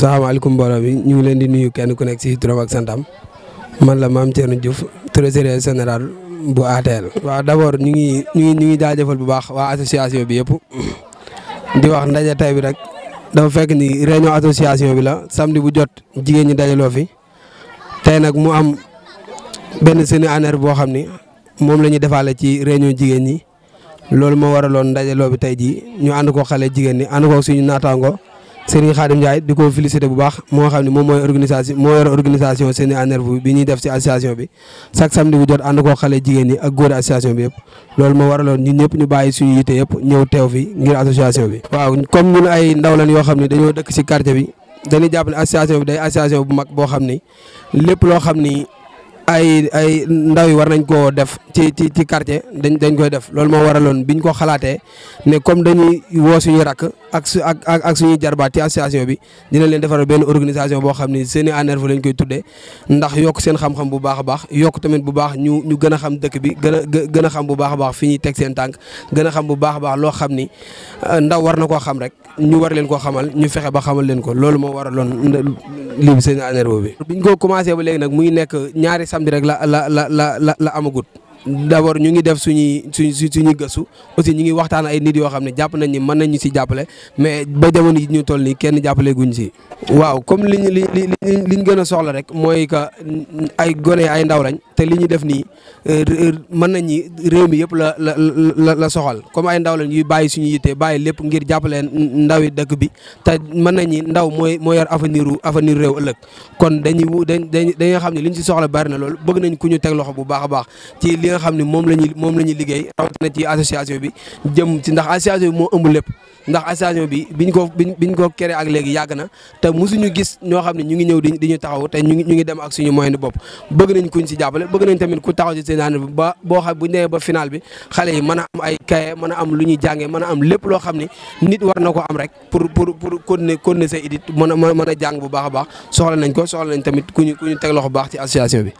salaamaaleykum mbooloo bi ñu ngi leen di nuyu kenn ku nekk ci turam ak santam man la maam Thierno Diouf trésorier général bu ATL. waa d'abord ñu ngi ñu ngi ñu ngi jaajëfal bu baax waa association bi yëpp di wax ndaje tey bi rek dafa fekk ni réunion association bi la samedi bu jot jigéen ñi dajaloo fi tey nag mu am benn séminaire boo xam ni moom la ñuy defaale ci réunion jigéen ñi loolu moo waraloon ndajaloo bi tey jii ñu ànd ko xale jigéen ñi ànd ko suñu naataango. Serigne Khadim Ndiaye di ko félicité bu baax moo xam ne moom mooy organisation moo yor organisation Seni en Herve bi ñuy def ci association bi chaque samedi bu jot ànd koo xale jigéen ñi ak association bi yëpp loolu moo waraloon ñun ñëpp ñu bàyyi suñu yite yëpp ñëw teew fi ngir association bi. waaw comme ñun ay ndaw yoo xam ne dañoo dëkk ci quartier bi dañuy jàpp ne association bi day association bu mag boo xam ni lépp loo xam ni ay ay ndaw yi war nañ koo def ci ci ci quartier dañ dañ koy def loolu moo waraloon biñ ko xalaatee ne comme dañuy woo suñuy rakk ak su ak ak suñuy jarbaat ci association bi dina leen defaral benn organisation boo xam ni Seni en Herve lañ koy tuddee ndax yokk seen xam-xam bu baax a baax yokk tamit bu baax ñu ñu gën a xam dëkk bi gën a gën xam bu baax baax fi ñuy teg seen tànk gën a xam bu baax baax loo xam ni ndaw war na koo xam rek ñu war leen koo xamal ñu fexe ba xamal leen ko loolu moo waraloon lii seen énervé bi. biñ ko commencé ba léegi nag muy nekk ñaari samedi rek la la la la la amagut. d'abord ñu ngi def suñuy suñ suñuy gëstu aussi ñu ngi waxtaan ay nit yoo xam ne jàpp nañ ni mën nañ si jàppale mais ba jamono yi ñu toll nii kenn jàppale guñ si. waaw comme li ñu li li gën soxla rek mooy que ay gone ay ndaw lañ te li ñu def nii euh, mën nañ ñi réew mi yëpp la la la la soxal comme ay ndaw lañ yuy bàyyi suñu yitte bàyyi lépp ngir jàppale ndawi yi dëkk bi te mën nañ ñi ndaw mooy moo yor avenir réew ëllëg kon dañuy dañ dañuy xam ne li ñu si soxla bari na loolu bëgg nañ ku ñu teg loxo bu baax a baax nga xam ne moom la liggéey rawatina ci association bi jëm ci ndax association bi moo ëmb lépp ndax association bi biñ ko biñ ko créé ak yàgg na te mosuñu gis ñoo xam ne ñu ngi ñëw di ñu taxaw te ñu ngi ñu ngi dem ak suñu moyen bopp bëgg nañ kuñ si jàppale bëgg nañ tamit ku taxaw si seen bi ba boo xam a am ay kaye am lu ñuy jàngee mën a am lépp loo xam ne nit war na ko am rek pour pour pour continuer continuer say idit mën a mën a jàng bu baax a baax soxla nañ ko soxla nañ tamit ku ñu teg loxo baax ci association bi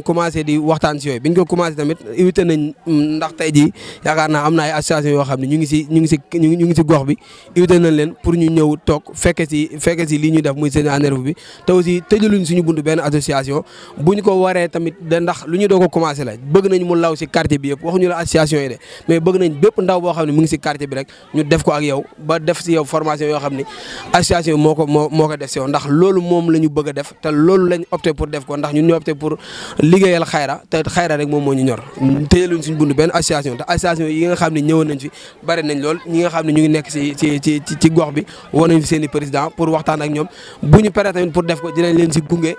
ñu commencé di waxtaan si yooyu bi ñu ko commencé tamit invité mm, ndax tey jii yaakaar naa am na ay association yoo xam ne ñu ngi si ñu ngi si ñu ngi si gox bi invité leen pour ñu ñëw toog fekke si fekke si lii ñuy def mu seen énerve bi te aussi tëjaluñ suñu bunt benn association bu ñu ko waree tamit da lu ñu doo ko commencé la bëgg nañ mu law si quartier bi yëpp waxuñu la association yi de mais bëgg nañ bépp ndaw boo xam ne mu ngi si quartier bi rek ñu def ko ak yow ba def si yow formation yoo xam ni association bi moo ko moo moo ko def si yow loolu moom la ñu bëgg a def te loolu lañ def ko ndax ñu opté pour liggéeyal xayra te xayra rek moom moo ñu ñor téyeluñ suñ bund benn association te association yi nga xam ne ñëwoon nañ fi bari nañ lool ñi nga xam ne ñu ngi nekk si ci ci ci gox bi woon nañ fi président pour waxtaan ak ñoom buñ ñu paree pour def ko dinañ leen si gunge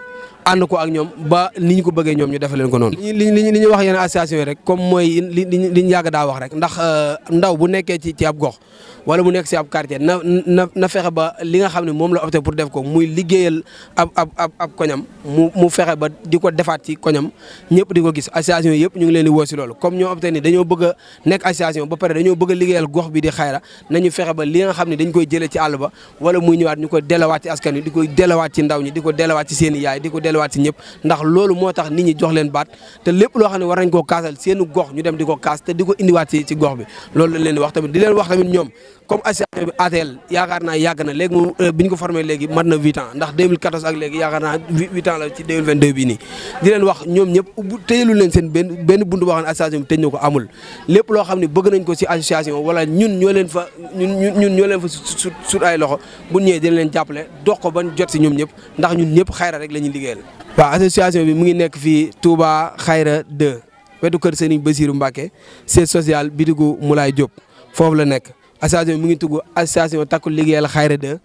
ànd ko ak ñoom ba ni ñu ko bëggee ñoom ñu defe leen ko noonu li li ñu wax yenn association yi rek comme mooy li li ñu yàgg daa wax rek ndax euh, ndaw bu nekkee ci ci ab gox wala mu nekk si ab quartier na na na fexe ba li nga xam ne moom la opté pour def ko muy liggéeyal ab ab ab ab ko defaat ci koñam ñëpp di ko gis association yëpp ñu ngi ni a nekk association ba pare dañoo bëgg a liggéeyal gox bi di fexe ba li nga xam ne dañ koy jëlee ci àll ba wala muy waat ñu koy delawaat ci askan wi di koy delawaat ci ndaw ñi di ko delawaat ci seen yaay di ko delluwaat si ñëpp ndax loolu moo tax nit ñi jox leen baat te lépp loo xam ne war nañ koo kaasal seenu gox ñu dem di ko kaas te di ko indiwaat si si gox bi loolu lañ leen wax tamit di leen wax tamit ñoom comme association bi atel yaakaar naa yàgg na léegi moom euh, bi ñu ko formé léegi mat na huit ans ndax 2014 ak léegi yaakaar naa huit ans la ci 2022 bii nii di leen wax ñoom ñëpp bu tëjalu leen seen benn benn buntu boo xam ne association bi tëj ko amul lépp loo xam ne bëgg nañ ko si association wala ñun ñoo leen fa ñun ñun ñoo leen fa su sut ay loxo bu ñëwee dina leen jàppale dox ko ban jot si ñoom ñëpp ndax ñun ñëpp xayra rek la ñuy liggéeyal waaw association bi mu ngi nekk fii Touba Xayra 2 wetu kër Serigne Bassirou Mbacké siège social bitigu Moulay Diop foofu la nekk association bi mu ngi tugg association takku liggéeyal xayra 2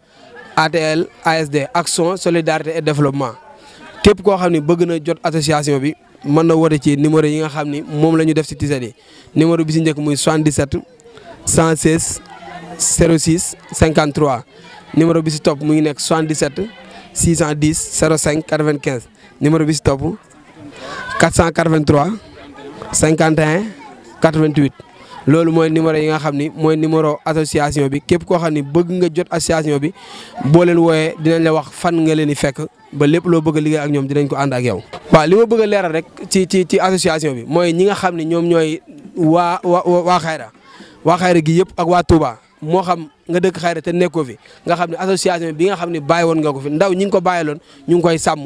ATL ASD action solidarité et développement képp koo xam ne bëgg na jot association bi mën na woote ci numéro yi nga xam ni moom la ñu def si tiset yi numéro bi si njëkk muy 77 116 06 53 numéro bi si topp mu ngi nekk 77 610 05 95 numéro bi si topp 483 51 88 loolu mooy numéro yi nga xam ni mooy numéro association bi képp koo xam ni bëgg nga jot association bi boo leen wooyee dinañ la wax fan nga leen di fekk ba lépp loo bëgg a liggéey ak ñoom dinañ ko ànd ak yow. waa li ma bëgg a leeral rek ci ci ci association bi mooy ñi nga xam ni ñoom ñooy waa waa waa Xayra waa Xayra gi yëpp ak waa Touba. moo xam nga dëkk xayra te nekkoo fi nga xam ne association bi nga xam ne bàyyi woon nga ko fi ndaw ñi ko bàyyiloon ñu ngi koy sàmm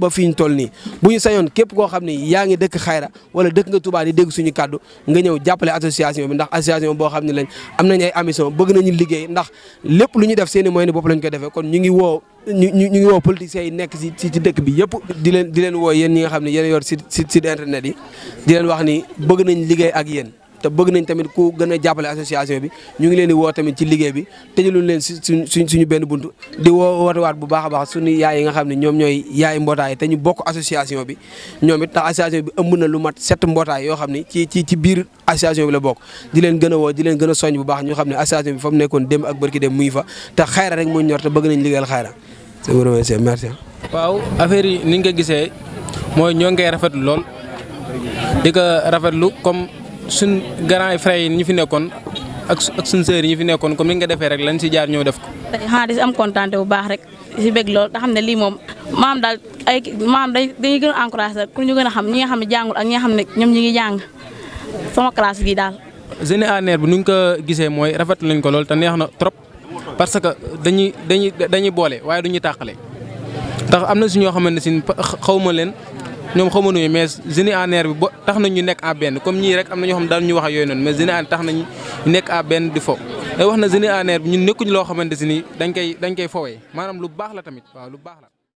ba fi ñu toll nii bu ñu sañoon képp koo xam ne yaa ngi dëkk xayra wala dëkk nga Touba di dégg suñu kàddu nga ñëw jàppale association bi ndax association boo xam ne lañ am nañ ay bëgg nañu liggéey ndax lépp lu ñu def seen mooy moyens bopp lañ ko defee kon ñu ngi woo ñu ñu ngi woo politiciens yi nekk si ci dëkk bi yëpp di leen di leen woo yéen ñi nga xam ne yéen yor site site internet yi di leen wax ni bëgg nañ liggéey ak yéen te bëgg nañ tamit ku gën a jàppale association bi ñu ngi leen di woo tamit ci liggéey bi tëjaluñ leen suñ suñ suñu benn buntu di woo waat bu baax a baax suñu yaay yi nga xam ne ñoom ñooy yaay mbootaay te ñu bokk association bi ñoom it ndax association bi ëmb na lu mat set mbootaay yoo xam ne ci ci ci biir association bi la bokk di leen gën a woo di leen gën a soññ bu baax ñu xam ne association bi fa mu nekkoon dem ak bërki dem muy fa te xayra rek moo ñor te bëgg nañ liggéeyal xayra c'est vraiment merci waaw affaire yi ni nga gisee mooy ñoo ngi koy rafetlu lool suñ grand frère yi ñu fi nekkoon ak ak suñ sœur yi ñu fi nekkoon comme ni nga defee rek lañ si jaar ñëw def ko. xanaa di si am kontaante bu baax rek si bëgg lool nga xam ne lii moom maam daal ay maam dañuy gën a encouragé pour ñu gën a xam ñi nga xam ne jàngul ak nga xam ne ñoom ñu ngi jàng sama classe gi daal. jeune ANR bi nu ñu ko gisee mooy rafetlu nañ ko lool te neex na trop parce que dañuy dañuy dañuy boole waaye du ñu tàqale ndax am na si ñoo xamante ne xaw ma leen ñoom xamuñu mais génie en air bi ba tax nañ ñu nekk à benn comme ñii rek am na ñoo xam ne daal ñu wax ak yooyu noonu mais génie en tax nañ nekk à di fo. day wax na génie en air bi ñun nekkuñ loo xamante si ni dañ koy dañ koy fowee maanaam lu baax la tamit waaw lu baax la.